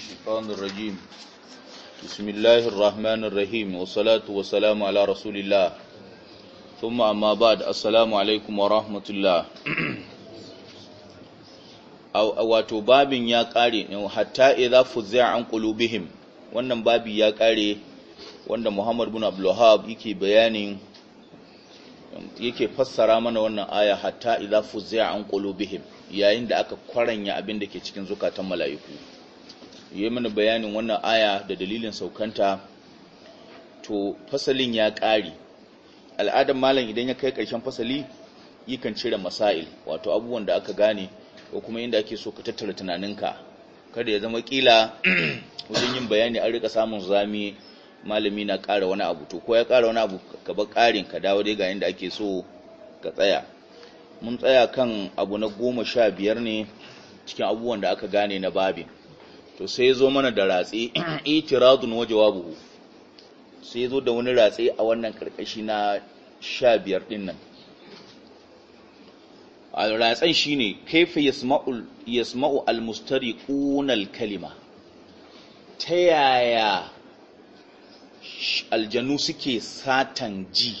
الشيطان الرجيم بسم الله الرحمن الرحيم والصلاة والسلام على رسول الله ثم أما بعد السلام عليكم ورحمة الله أو أواتو باب يا قاري حتى إذا فزع عن قلوبهم wannan babi ya kare wanda Muhammad bin Abdul Wahhab yake bayanin yake fassara mana wannan aya hatta idza fuzia an qulubihim yayin da aka kwaranya abin da ke cikin zukatan mala'iku yi mana bayanin wannan aya da dalilin saukanta to fasalin ya ƙari. al'adar malam idan ya kai ƙarshen fasali yakan cire masail wato abubuwan da aka gane ko kuma inda ake so ka tattara tunaninka kada ya zama kila wajen yin bayani an rika samun zami malami na ƙara wani abu to ko ya ƙara wani abu ka bar ƙarin ka dawo dai ga inda ake so ka tsaya mun tsaya kan abu na goma sha biyar ne cikin abubuwan da aka gane na babin to sai zo mana da ratse itiradun wa jawabuhu sai zo da wani ratse a wannan karkashi na 15 din nan ratsen shine kaifa yasma'u yasma'u almustariquna kalima. ta yaya aljanu suke satan ji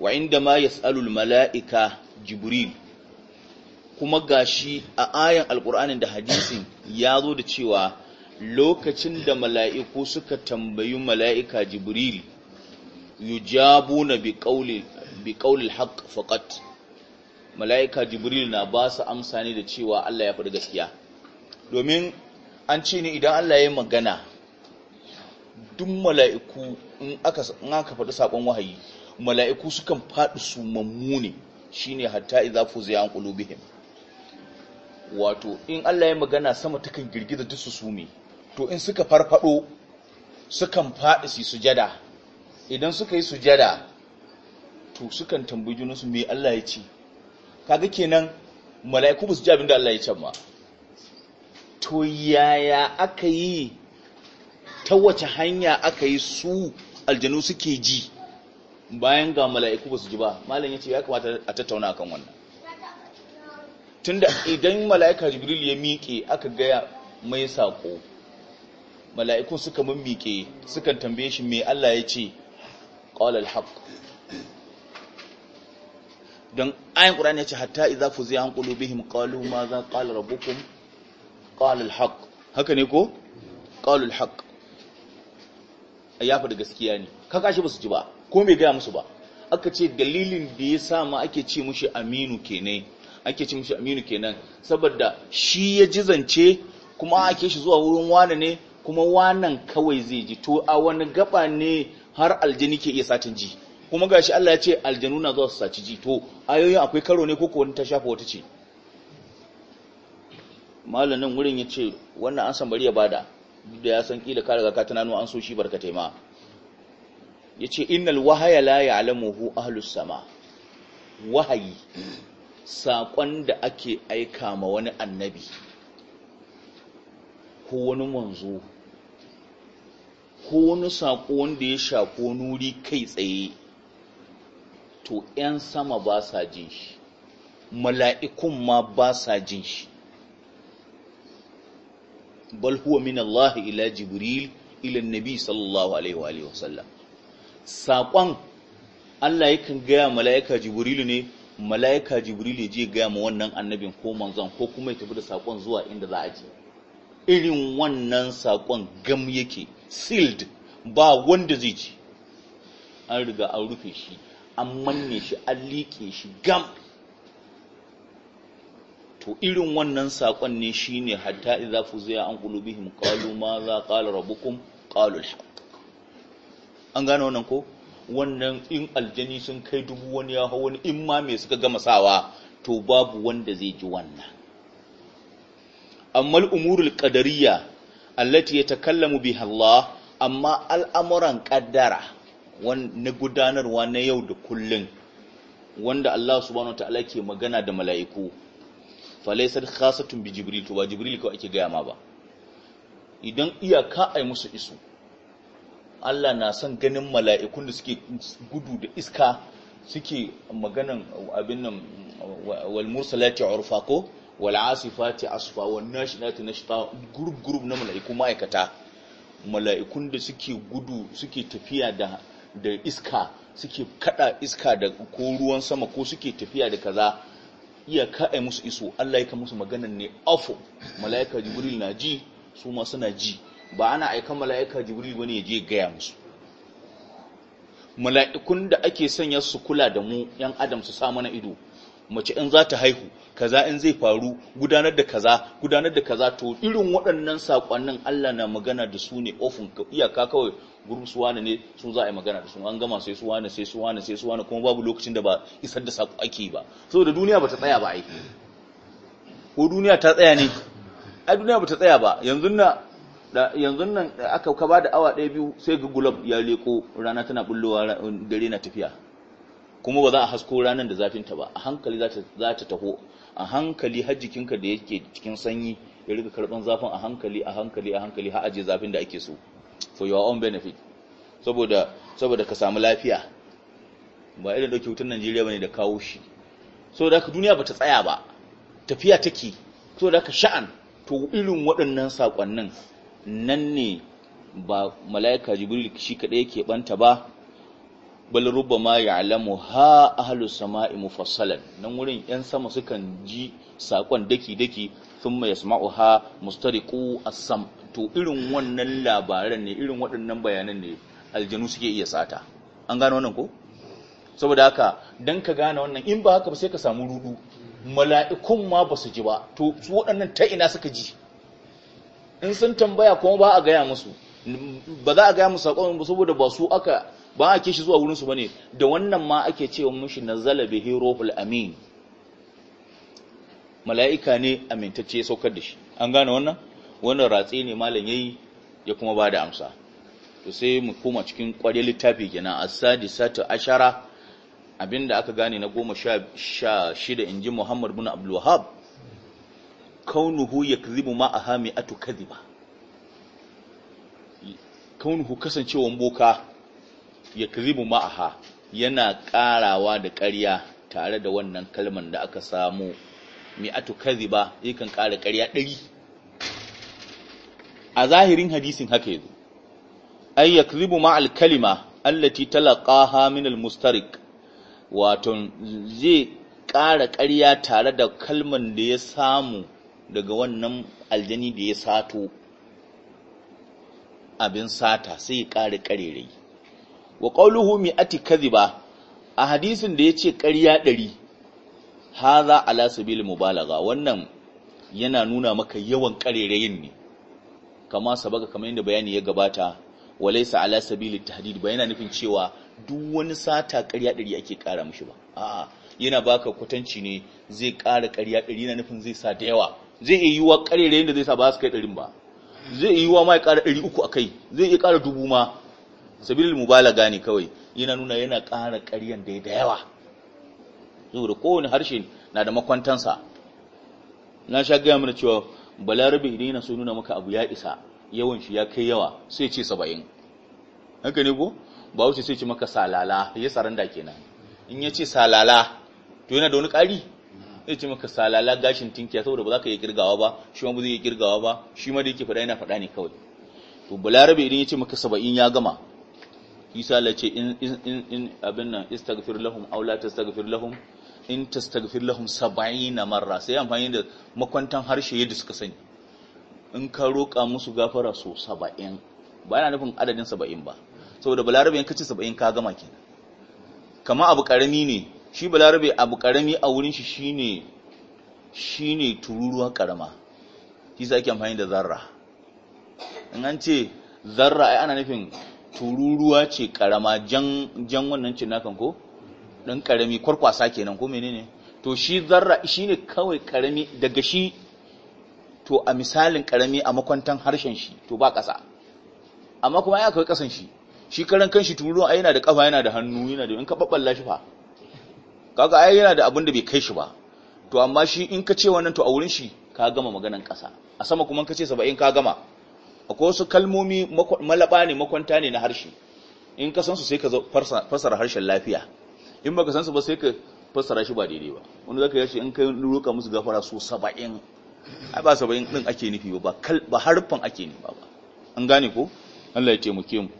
wa inda ma yas'alu mala'ika jibril kuma gashi a ayan alkur'anin da hadisin ya zo da cewa lokacin da mala'iku suka tambayi mala'ika jibril yujabu na bi haƙ faƙat mala'ika jibril na ba su amsa ne da cewa Allah ya faɗi gaskiya domin an ce ne idan Allah ya yi magana duk mala'iku in aka faɗi saƙon wahayi mala'iku sukan faɗi su mammune shine hatta idza fuziya an wato in Allah ya magana sama takan girgiza duk su sume to in suka farfado sukan faɗi su sujada idan suka yi sujada to sukan tambayi junansu me Allah ya ce kaga kenan mala'iku ba su ji da Allah ya ce ma to yaya aka yi ta wace hanya aka yi su aljanu suke ji bayan ga mala'iku ba su ji ba malam ya ce ya kamata a tattauna kan wannan tunda idan mala'ika jibril ya miƙe aka gaya mai saƙo mala'ikun suka miƙe suka tambaye shi mai Allah ya ce ƙwalal haƙ don ayin ƙura ya ce hatta iza zai an him ƙalu ma za ƙalar bukun haƙ haka ne ko ƙwalal haƙ ya faɗi gaskiya ne kaka shi ba su ji ba ko mai gaya musu ba aka ce dalilin da ya sama ake ce mushi aminu kenai ake cin shi aminu kenan saboda shi ya jizance kuma ake shi zuwa wurin wane ne kuma wanan kawai zai ji to a wani gaba ne har aljini ke iya satin ji kuma gashi Allah ya ce aljanu na zuwa su saci ji to ayoyin akwai karo ne koko wani ta shafa wata ce malamin wurin ya ce wannan an san bari ya bada da ya san kila ka riga ka tunano an so shi barkatai ma yace innal wahaya la ya'lamuhu ahlus sama wahayi saƙon da ake aika ma wani annabi ko wani manzo ko wani saƙo wanda ya shafo nuri kai tsaye to 'yan sama ba sa jin shi mala'ikun ma ba sa jin shi bal huwa min Allah ila jibril ila nabi sallallahu alaihi wa sallam saƙon Allah yakan gaya mala'ika jibrilu ne mala'ika jibril ya je gaya ma wannan annabin ko manzon ko kuma ya tafi da sakon zuwa inda za a je irin wannan sakon gam yake sealed ba wanda zai ci an riga an rufe shi an manne shi an liƙe shi gam to irin wannan sakon ne shine hatta idza fuziya an qulubihim qalu ma za qala rabbukum qalu al an gane wannan ko wannan in aljani sun kai dubu wani ya hau wani in ma mai suka gama sawa to babu wanda zai ji wannan amma al'umurul ƙadariya allati ya takallamu bi Allah amma al'amuran ƙaddara na gudanarwa na yau da kullum wanda Allah subhanahu ta'ala ke magana da mala'iku falaisar khasatun bi jibril to ba jibril kawai ake gaya ma ba idan iyaka ai musu isu Allah na son ganin mala'ikun da suke gudu da iska suke maganan abin nan lati mursalati urfa ko wal asifati shi wan nashi nashta gurub gurub na mala'iku ma'aikata mala'ikun da suke gudu suke tafiya da iska suke kada iska da ko ruwan sama ko suke tafiya da kaza iya ka'a musu iso Allah ya ka musu maganan ne afu mala'ika jibril na ji su ma suna ji ba ana aika mala'ika jibril wani ya je gaya musu mala'ikun da ake sanya su kula da mu yan adam su sa mana ido mace in za ta haihu kaza in zai faru gudanar da kaza gudanar da kaza to irin waɗannan saƙonnin Allah na magana da su ne ofin iyaka kawai gurin su wane ne su za a yi magana da su an gama sai su wane sai su wane sai su wane kuma babu lokacin da ba isar da saƙo ake ba saboda duniya ba ta tsaya ba aiki ko duniya ta tsaya ne ai duniya ba ta tsaya ba yanzu na yanzu nan aka ka bada awa ɗaya biyu sai ga gulab ya leko rana tana bullowa dare na tafiya kuma ba za a hasko ranar da zafin ta ba a hankali za ta taho a hankali har jikinka da yake cikin sanyi ya riga karban zafin a hankali a hankali a hankali har aje zafin da ake so for your own benefit saboda saboda ka samu lafiya ba irin dauke hutun Najeriya bane da kawo shi da haka duniya bata tsaya ba tafiya take da haka sha'an to irin waɗannan sakonnin nan ne ba mala'ika jibril shi kaɗai yake ɓanta ba bal rubama ya'lamu ha ahlu sama'i mufassalan nan wurin yan sama sukan ji sakon daki daki thumma Ha mustariqu as-sam to irin wannan labaran ne irin waɗannan bayanan ne aljanu suke iya sata an gano wannan ko saboda haka dan ka gane wannan in ba haka ba sai ka samu rudu mala'ikun ma ba su ji ba to su waɗannan ta ina suka ji in sun tambaya kuma ba a gaya musu ba za a gaya musu saƙon ba saboda ba su aka ba a kishi zuwa wurinsu ba ne da wannan ma ake cewa mushi na zala zalabe hirohul amin mala'ika ne amintacce ya saukar da shi an gane wannan wannan ratse ne malam yayi ya kuma ba da amsa to sai mu koma cikin ƙwarya littafi kenan as-sadisatu ashara abinda aka gane na goma sha shida ji Muhammad bin Abdul kaunuhu kazibu ma ahami atu ba, kaunuhu kasancewan boka kazibu ma aha yana ƙarawa da ƙarya tare da wannan kalman da aka samu ba kadhiba yakan ƙara ƙarya ɗari a zahirin hadisin haka ai ya kazibu ma alkalima kalima allati talaqaha min al wato zai ƙara ƙarya tare da kalman da ya samu daga wannan aljani da ya sato abin sata sai ya ƙari ƙarerai wa ƙauluhu ati kadhiba a hadisin da ya ce ƙarya ɗari haza ala mu balaga. wannan yana nuna maka yawan ƙarerayin ne kama sabaka kamar yadda bayani ya gabata a ala ta tahdid ba yana nufin cewa duk wani sata ƙarya ɗari ake ƙara mishi ba a'a yana baka kwatanci ne zai ƙara ƙarya ɗari yana nufin zai sa da yawa zai iya yi wa ƙarerayen da zai sa ba su kai ɗarin ba zai iya yi wa ma ya ƙara ɗari uku a kai zai iya ƙara dubu ma sabilin mubala ne kawai yana nuna yana ƙara karyan da da yawa saboda kowane harshe na da makwantansa na sha gaya mana cewa balarabe idan yana so nuna maka abu ya isa yawan shi ya kai yawa sai ce saba'in haka ne ko ba wuce sai ce maka salala ya saranda kenan in ya ce salala to yana da wani ƙari zai ce maka salala gashin tinkiya saboda ba za ka yi kirgawa ba shi ma ba zai yi kirgawa ba shi ma da yake faɗa yana faɗa ne kawai to balarabe idan ya ce maka saba'in ya gama isa la ce in in abin nan istaghfir lahum aw la tastaghfir lahum in tastaghfir lahum saba'ina marra sai amfani da makwantan harshe yadda suka sani in ka roƙa musu gafara so saba'in ba yana nufin adadin saba'in ba saboda balarabe in ka ce saba'in ka gama kenan kama abu ƙarami ne shi balarabe abu karami a wurin shi shine shine tururuwa karama shi sa ake amfani da zarra in an ce zarra ai ana nufin tururuwa ce karama jan jan wannan cin nakan ko dan karami kwarkwasa kenan ko menene to shi zarra shine kawai karami daga shi to a misalin karami a makwantan harshen shi to ba kasa amma kuma ya kai kasan shi shi karan kanshi tururuwa ai yana da kafa yana da hannu yana da in ka babballa shi fa kaga ai yana da abin da bai kai shi ba to amma shi in ka ce wannan to a wurin shi ka gama maganan ƙasa a sama kuma ka ce saba'in ka gama akwai wasu kalmomi malaba ne makwanta ne na harshe in ka san su sai ka fasara harshen lafiya in baka san su ba sai ka fasara shi ba daidai ba wanda zaka yashi in kai roka musu gafara su saba'in ai ba saba'in din ake nufi ba ba harfan ake nufi ba an gane ko Allah ya taimake mu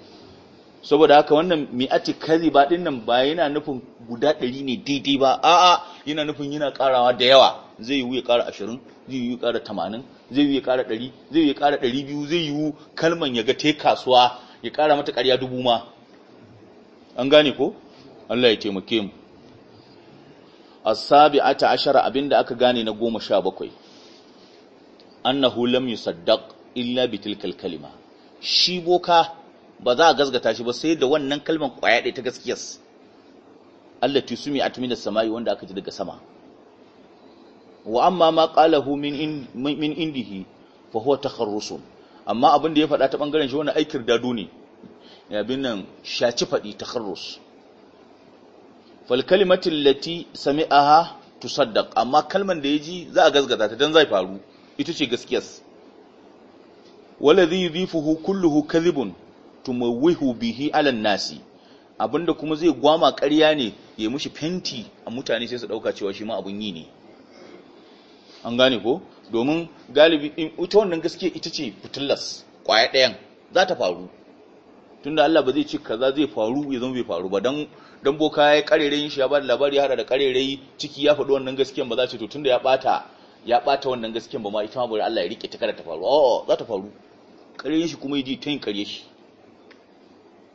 saboda haka wannan mi'ati ba din nan ba yana nufin guda ɗari ne daidai ba a'a yana nufin yana karawa da yawa zai yiwu ya kara ashirin, zai yiwu ya kara tamanin, zai yiwu ya kara ɗari, zai yiwu ya kara biyu, zai yi kalman ya ga ta kasuwa ya kara mata ƙarya dubu ma an gane ko Allah ya taimake mu as-sabi'ata ashara abinda aka gane na goma sha bakwai. annahu lam yusaddaq illa bi kalima shi boka ba za a gazgata shi ba sai da wannan kalmar kwaya ɗaya ta gaskiyas Allah tusumi da samai wanda aka ji daga sama wa amma ma qalahu min min indihi fa huwa takharrusun amma abin da ya faɗa ta bangaren shi wani aikir dadu ne bin nan shaci faɗi takharrus fal kalimatu allati sami'aha tusaddaq amma kalman da ya ji za a gazgata ta dan zai faru ita ce gaskiyas waladhi yudhifuhu kulluhu kadhibun tumawihu bihi alan nasi abinda kuma zai gwama ƙarya ne ya yi mushi fenti a mutane sai su ɗauka cewa shi ma abin yi ne an gane ko domin galibi ita wannan gaske ita ce fitilas ƙwaya ɗayan za ta faru tunda Allah ba zai ci kaza zai faru ya zama bai faru ba don dan boka ya yin shi ya ba da labari ya hada da karerayi ciki ya faɗi wannan gaskiyan ba za ce to tunda ya ɓata ya ɓata wannan gaskiyan ba ma ita ma bari Allah ya rike ta kada ta faru oh za ta faru karerayin shi kuma yaji ta yin karye shi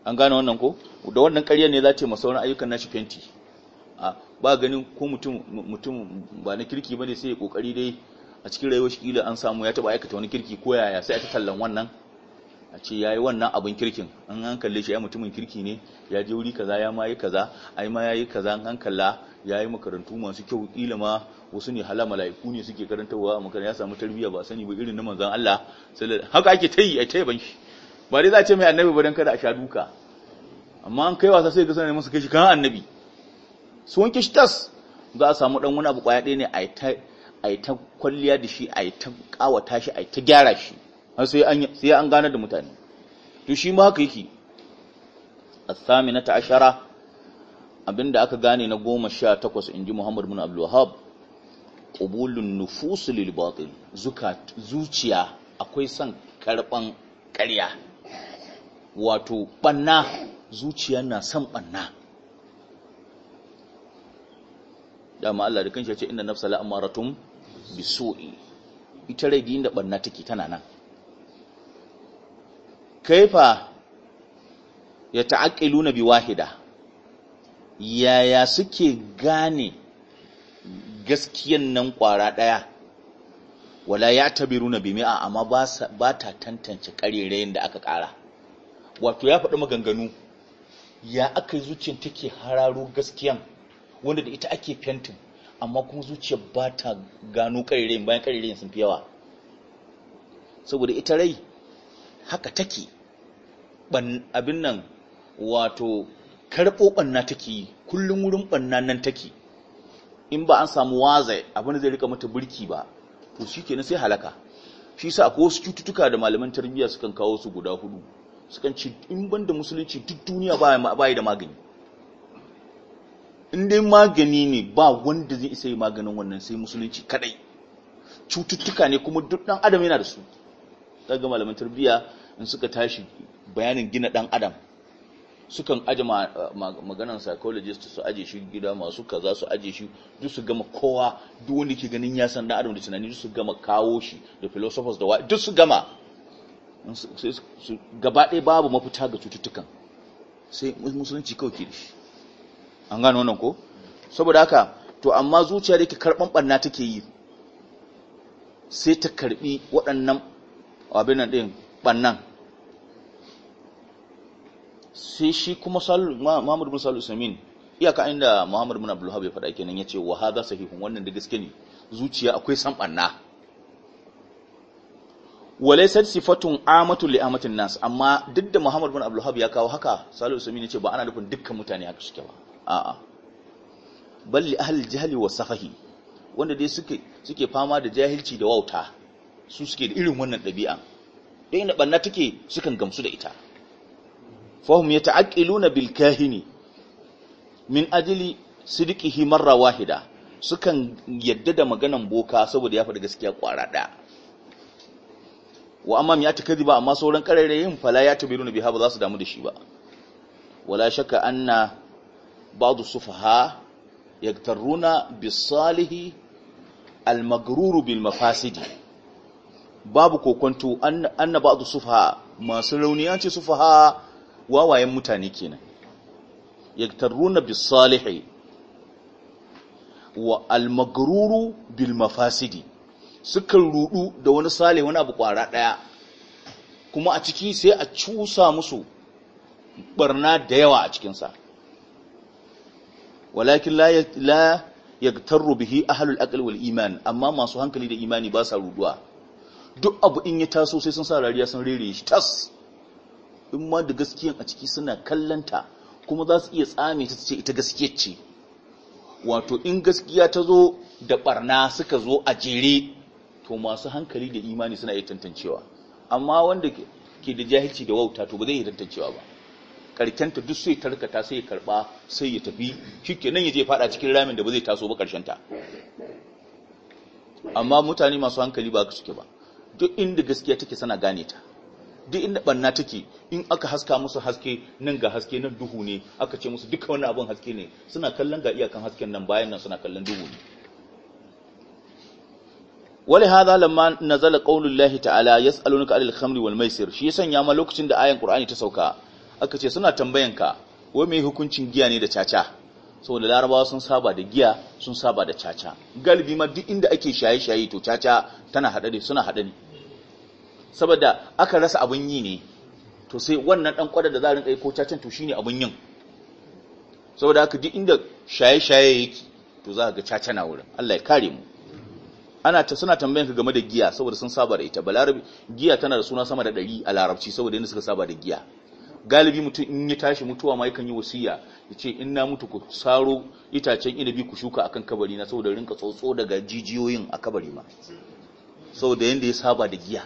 an gane wannan ko da wannan ƙaryar ne za ta yi masa wani ayyukan nashi fenti a ba ganin ko mutum ba na kirki ne sai ya kokari dai a cikin rayuwar shi kila an samu ya taba aikata wani kirki ko yaya sai a ta tallan wannan a ce yayi wannan abin kirkin an an kalle shi ya mutumin kirki ne ya je wuri kaza ya ma yi kaza ai ma yayi kaza an an kalla yayi makarantu masu kyau kila ma wasu ne hala mala'iku ne suke karantawa a makaranta ya samu tarbiyya ba sani ba irin na manzon Allah haka ake tayi ai tayi ban shi ba dai za a ce mai annabi ba don kada a sha duka amma an kai wasa sai ga sanar musu kai shi kan annabi su wanke shi tas za a samu dan wani abu kwaya ɗaya ne a yi ta kwalliya da shi a yi ta ƙawata shi a yi ta gyara shi sai an gane da mutane to shi ma haka yake sami na ta'ashara abinda aka gane na goma sha takwas in ji muhammad bin abdulwahab ƙubulun nufusu zuciya akwai son karɓan ƙarya wato ɓanna zuciya na son ɓanna dama Allah da kanshi ce inda nafsa amaratum bisu'i ita rai da ɓanna take tana nan kaifa ya ta'aƙilu na wahida yaya suke gane gaskiyan nan kwara ɗaya wala ya tabiru na bimi'a amma ba ta tantance ƙarerayen da aka ƙara wato ya faɗi maganganu ya aka yi zuciyar take hararo gaskiyan wanda da ita ake fentin amma kuma zuciyar ba ta gano ƙarirai bayan ƙarirai sun fi yawa saboda ita rai haka take abin nan wato karɓo ɓanna take yi kullum wurin ɓanna nan take in ba an samu wazai abin da zai rika mata burki ba to shi kenan sai halaka shi sa akwai wasu cututtuka da malaman tarbiyya sukan kawo su guda hudu sukan ce in ban da musulunci duk duniya ba yi da magani in dai magani ne ba wanda zai isa yi maganin wannan sai musulunci kadai cututtuka ne kuma duk dan adam yana da su daga malamin tarbiyya in suka tashi bayanin gina dan adam sukan aje maganan psychologist su aje shi gida masu kaza su aje shi duk su gama kowa duk wanda ke ganin ya san dan adam da tunani duk su gama kawo shi da philosophers da duk su gama gabaɗe babu mafita ga cututtukan sai musulunci kawai ke an gano wannan ko saboda haka to amma zuciya da ke karɓan ɓanna take yi sai ta karɓi waɗannan abin nan ɗin ɓannan sai shi kuma muhammadu bin salu samin iyaka inda muhammadu bin abdullahi ya faɗa kenan ya ce wa haza sahihun wannan da gaske ne zuciya akwai san ɓanna walaysat sifatun amatu li amatin nas amma duk da Muhammad bin Abdul ya kawo haka Salihu Usaimin yace ba ana nufin dukkan mutane haka suke ba a'a bal li ahli jahli wa safahi wanda dai suke fama da jahilci da wauta su suke da irin wannan ɗabi'a don inda ɓanna take sukan gamsu da ita fahim ya luna bil kahini min ajili sidiki marra wahida sukan yadda da maganan boka saboda ya faɗi gaskiya ƙwara ɗaya wa amma ya takadi ba amma sauran yin fala ya tabiruna biha ba za su damu da shi ba wala shakka anna ba'd sufaha yaktaruna bisalihi almagruru bil mafasidi babu kokonto anna ba'd sufaha masu rauniya ce sufaha wawayen mutane kenan yaktaruna bisalihi wa almagruru bil mafasidi sukan rudu da wani sale wani abu kwara daya kuma a ciki sai a cusa musu barna da yawa a cikinsa walakin la yagtarru bihi ahlul aql wal iman amma masu hankali da imani ba sa ruduwa duk abu in ya taso sai sun sa rariya sun rere shi tas in ma da gaskiya a ciki suna kallanta kuma za su iya tsame ta ce ita gaskiya ce wato in gaskiya ta zo da barna suka zo a jere to masu hankali da imani suna iya tantancewa amma wanda ke da jahilci da wauta to ba zai iya tantancewa ba karkenta duk sai tarkata sai ya karba sai ya tafi nan ya je fada cikin ramin da ba zai taso ba ta. amma mutane masu hankali ba suke ba duk inda gaskiya take sana gane ta duk inda banna take in aka haska musu haske nan ga haske nan duhu ne aka ce musu duka wani abin haske ne suna kallon ga iyakan hasken nan bayan nan suna kallon duhu ne wali hadha lamma nazala qaulullahi ta'ala yas'alunaka 'anil khamri wal maisir shi sanya ma lokacin da ayan qur'ani ta sauka aka ce suna tambayanka wai me hukuncin giya ne da caca saboda larabawa sun saba da giya sun saba da caca galibi ma duk inda ake shaye-shaye to caca tana hada suna hada saboda aka rasa abun yi ne to sai wannan dan kwada da za a ko cacan to shine abun yin saboda haka duk inda shaye-shaye yake to za ka ga caca na wurin Allah ya kare mu ana ta suna tambayanka game da giya saboda sun saba da ita balarabi giya tana da suna sama da ɗari a larabci saboda yadda suka saba da giya galibi mutum in ya tashi mutuwa ma yakan yi wasiya ya ce in na mutu ku saro itacen inabi ku shuka akan kabari na saboda rinka tsotso daga jijiyoyin a kabari ma saboda yadda ya saba da giya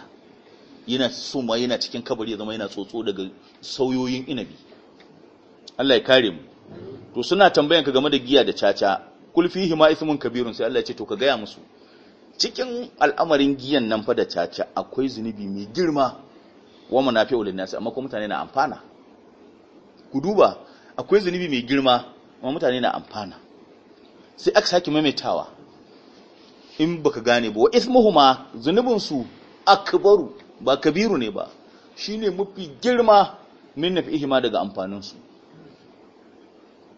yana so ma yana cikin kabari ya zama yana tsotso daga sauyoyin inabi Allah ya kare mu to suna tambayanka game da giya da caca kulfihi ma ismun kabirun sai Allah ya ce to ka gaya musu cikin al'amarin giyan nan fa da caca akwai zunubi mai girma wa munafi'u linnasi amma kuma mutane na amfana ku duba akwai zunubi mai girma amma mutane na amfana sai aka sake maimaitawa in baka gane ba wa ismuhuma zunubin su akbaru ba kabiru ne ba shine mafi girma min ihima daga amfanin su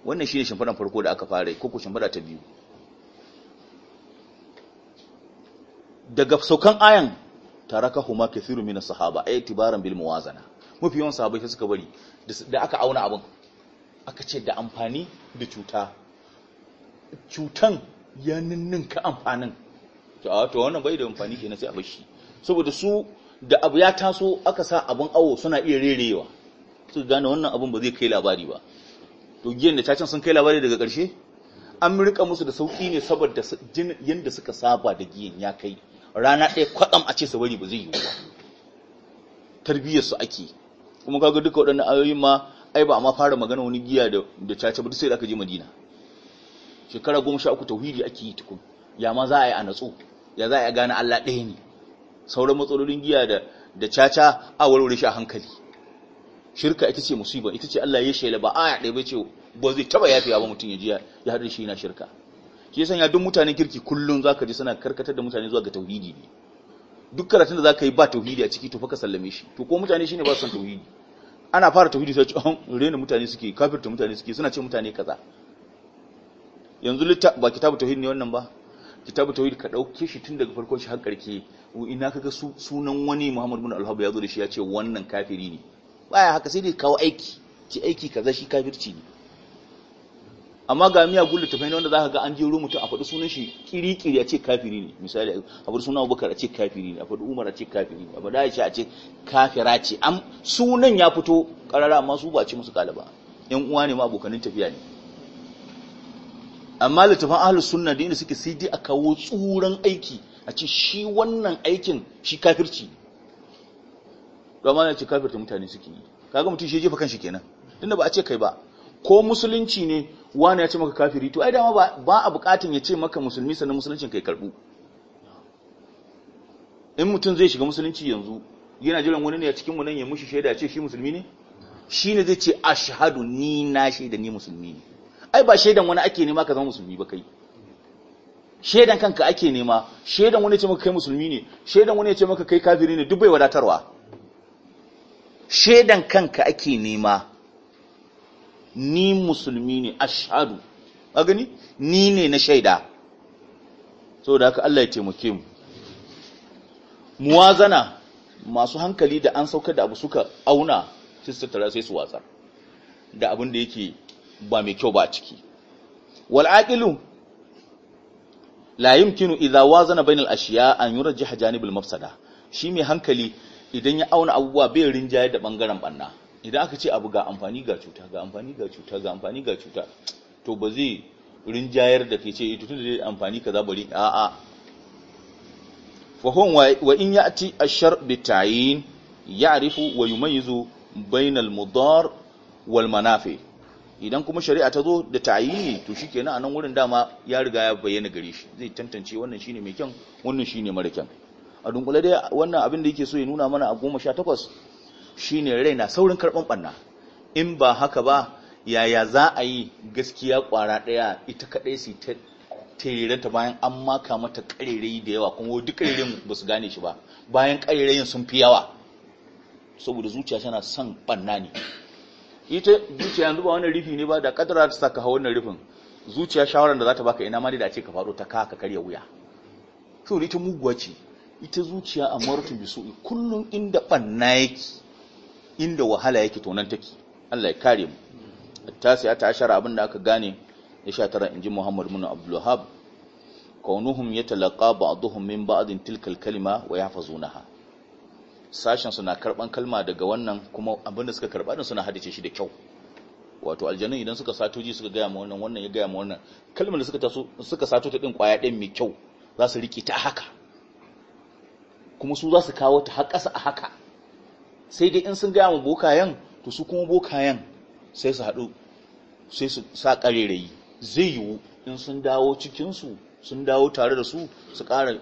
wannan shine shimfidan farko da aka fara ko ku shimfida ta biyu daga saukan ayan huma kathiru minas sahaba ay tibaran bil muwazana mafi yawan sahabbai sai suka bari da aka auna abin aka ce da amfani da cuta cutan ya ninninka amfanin to a wannan bai da amfani kenan sai a bar shi saboda su da abu ya taso aka sa abun awo suna iya rerewa su gane wannan abun ba zai kai labari ba to giyan da tacin sun kai labari daga ƙarshe an rika musu da sauki ne saboda yanda suka saba da giyan ya kai rana ɗaya kwatsam a ce su bari ba zai yi ba tarbiyyar su ake kuma kaga duka waɗannan ayoyin ma ai ba a ma fara magana wani giya da caca ba duk sai da aka je Madina shekara goma sha uku tauhidi ake yi tukun ya ma za a yi a natsu ya za a yi a gane Allah ɗaya ne sauran matsalolin giya da caca a warware shi a hankali shirka ita ce musiba ita ce Allah ya shela ba a, ɗaya ba ce ba zai taba yafiya ba mutum ya ji ya haɗu shi na shirka shi yasa ya duk mutanen kirki kullum za ka ji suna karkatar da mutane zuwa ga tauhidi ne duk karatun da za ka yi ba tauhidi a ciki to fa ka sallame shi to ko mutane shi ne ba su san tauhidi ana fara tauhidi sai an oh, rena mutane suke kafirta mutane suke suna ce mutane kaza yanzu litta ba kitabu tauhid ne wannan ba kitabu tauhid ka dauke shi tun daga farkon shi har karke ina kaga sunan wani Muhammad bin al ya zo da shi ya ce wannan kafiri ne baya haka sai dai kawo aiki ci aiki kaza shi kafirci ne amma ga miyagun littafai ne wanda za ka ga an jero mutum a faɗi sunan shi kirikiri a ce kafiri ne misali a faɗi sunan abubakar a ce kafiri ne a faɗi umar a ce kafiri ne a faɗi aisha a ce kafira ce sunan ya fito ƙarara amma su ba ce musu ƙalaba. yan uwa ne ma abokanin tafiya ne amma littafan ahlus sunna da inda suke sai dai a kawo tsuran aiki a ce shi wannan aikin shi kafirci domin ya ce kafirta mutane suke yi kaga mutum shi jefa kan shi kenan tunda ba a ce kai ba ko musulunci ne wani ya ce maka kafiri to ai dama ba ba a bukatun ya ce maka musulmi sannan musuluncin kai karbu in mutum zai shiga musulunci yanzu yana jiran wani ne a cikin mu nan ya mushi shaida ya ce shi musulmi ne Shi ne zai ce ashhadu ni na shaida ni musulmi ne ai ba shaidan wani ake nema ka zama musulmi ba kai shaidan kanka ake nema shaidan wani ya ce maka kai musulmi ne shaidan wani ya ce maka kai kafiri ne duk bai wadatarwa shaidan kanka ake nema ni musulmi ne shaɗu, a gani ni ne na shaida da haka Allah ya taimake mu muwazana masu hankali da an sauka da abu suka auna sai su tara sai su watsa da abin da yake ba mai kyau ba ciki wal aqilu la yumkinu idza wazana bainal ashiya an yurajjih janibul mafsada shi mai hankali idan ya auna abubuwa bai rinjaye da bangaren banna idan aka ce abu ga amfani ga cuta ga amfani ga cuta ga amfani ga cuta to ba zai rinjayar da ke ce ita eh, tun da zai amfani kaza bari a'a a hon wa in ya'ti ashar bitayin tayin ya'rifu wa zo, bainal mudar wal manafi idan kuma shari'a ta zo da ne, to shi shikenan anan wurin dama ya riga ya bayyana gare shi zai tantance wannan shine mai kyan wannan shine mara kyan a dunkule dai wannan abin da yake so ya nuna mana a goma sha takwas? Shi ne rai na saurin karban ɓanna. in ba haka ba yaya za a yi gaskiya ƙwara ɗaya ita kaɗai su ta tereranta bayan an maka mata karerai da yawa kuma duk karerin ba su gane shi ba bayan karerayin sun fi yawa saboda zuciya tana son ɓanna ne ita zuciya yanzu ba wannan rufi ne ba da kadara ta saka wannan rufin zuciya shawarar da za ta baka ina ma da ce ka faɗo ta kaka karya wuya saboda ita muguwa ce ita zuciya a martin bisu kullum inda ɓanna yake inda wahala yake tonan take Allah ya kare mu tasiya ta ashara abinda aka gane ya sha inji Muhammad bin Abdul Wahhab kaunuhum yatalaqa ba'dhum min ba'din tilkal kalima wa yahfazunaha sashen suna karban kalma daga wannan kuma abinda suka karba din suna hadice shi da kyau wato aljanun idan suka sato ji suka gaya ma wannan wannan ya gaya ma wannan kalmar da suka taso suka sato ta din kwaya din mai kyau za su rike ta haka kuma su za su kawo ta har ƙasa a haka sai dai in sun gaya mu bokayen to su kuma bokayen sai su haɗu sai su sa ƙarerayi zai yiwu in sun dawo cikinsu sun dawo tare da su su ƙara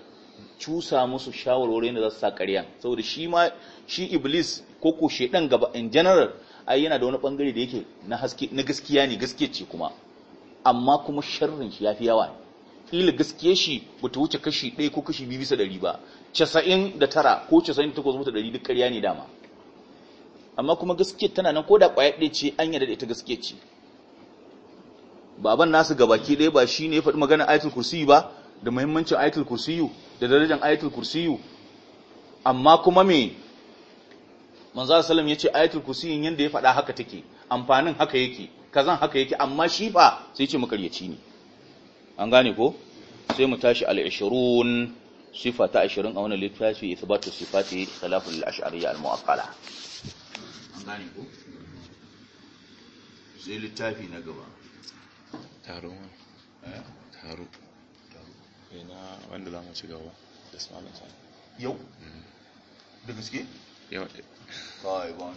cusa musu shawarwarin da za su sa ƙarya saboda shi ma shi iblis ko ko shedan gaba in general ai yana da wani bangare da yake na haske na gaskiya ne gaske ce kuma amma kuma sharrin shi yafi yawa ila gaskiye shi bata wuce kashi 1 ko kashi 2 bisa 100 ba 99 ko 98 bisa 100 duk ƙarya ne dama amma kuma gaske tana nan koda kwaya ɗaya ce an yarda da ita gaske ce baban nasu gabaki ɗaya ba shine ya faɗi magana ayatul kursiyu ba da muhimmancin ayatul kursiyu da darajar ayatul kursiyu amma kuma me manzo sallam yace ayatul kursiyu yanda ya faɗa haka take amfanin haka yake kazan haka yake amma shi fa sai ce makaryaci ne an gane ko sai mu tashi al-20 sifata 20 a wannan littafi ithbatu sifati al ash'ariyya al-mu'aqqala an ko sai littafi na gaba taro eh? taro eh, na wanda za mu ci gaba da smalin yau mm. da gaske yau kawai ba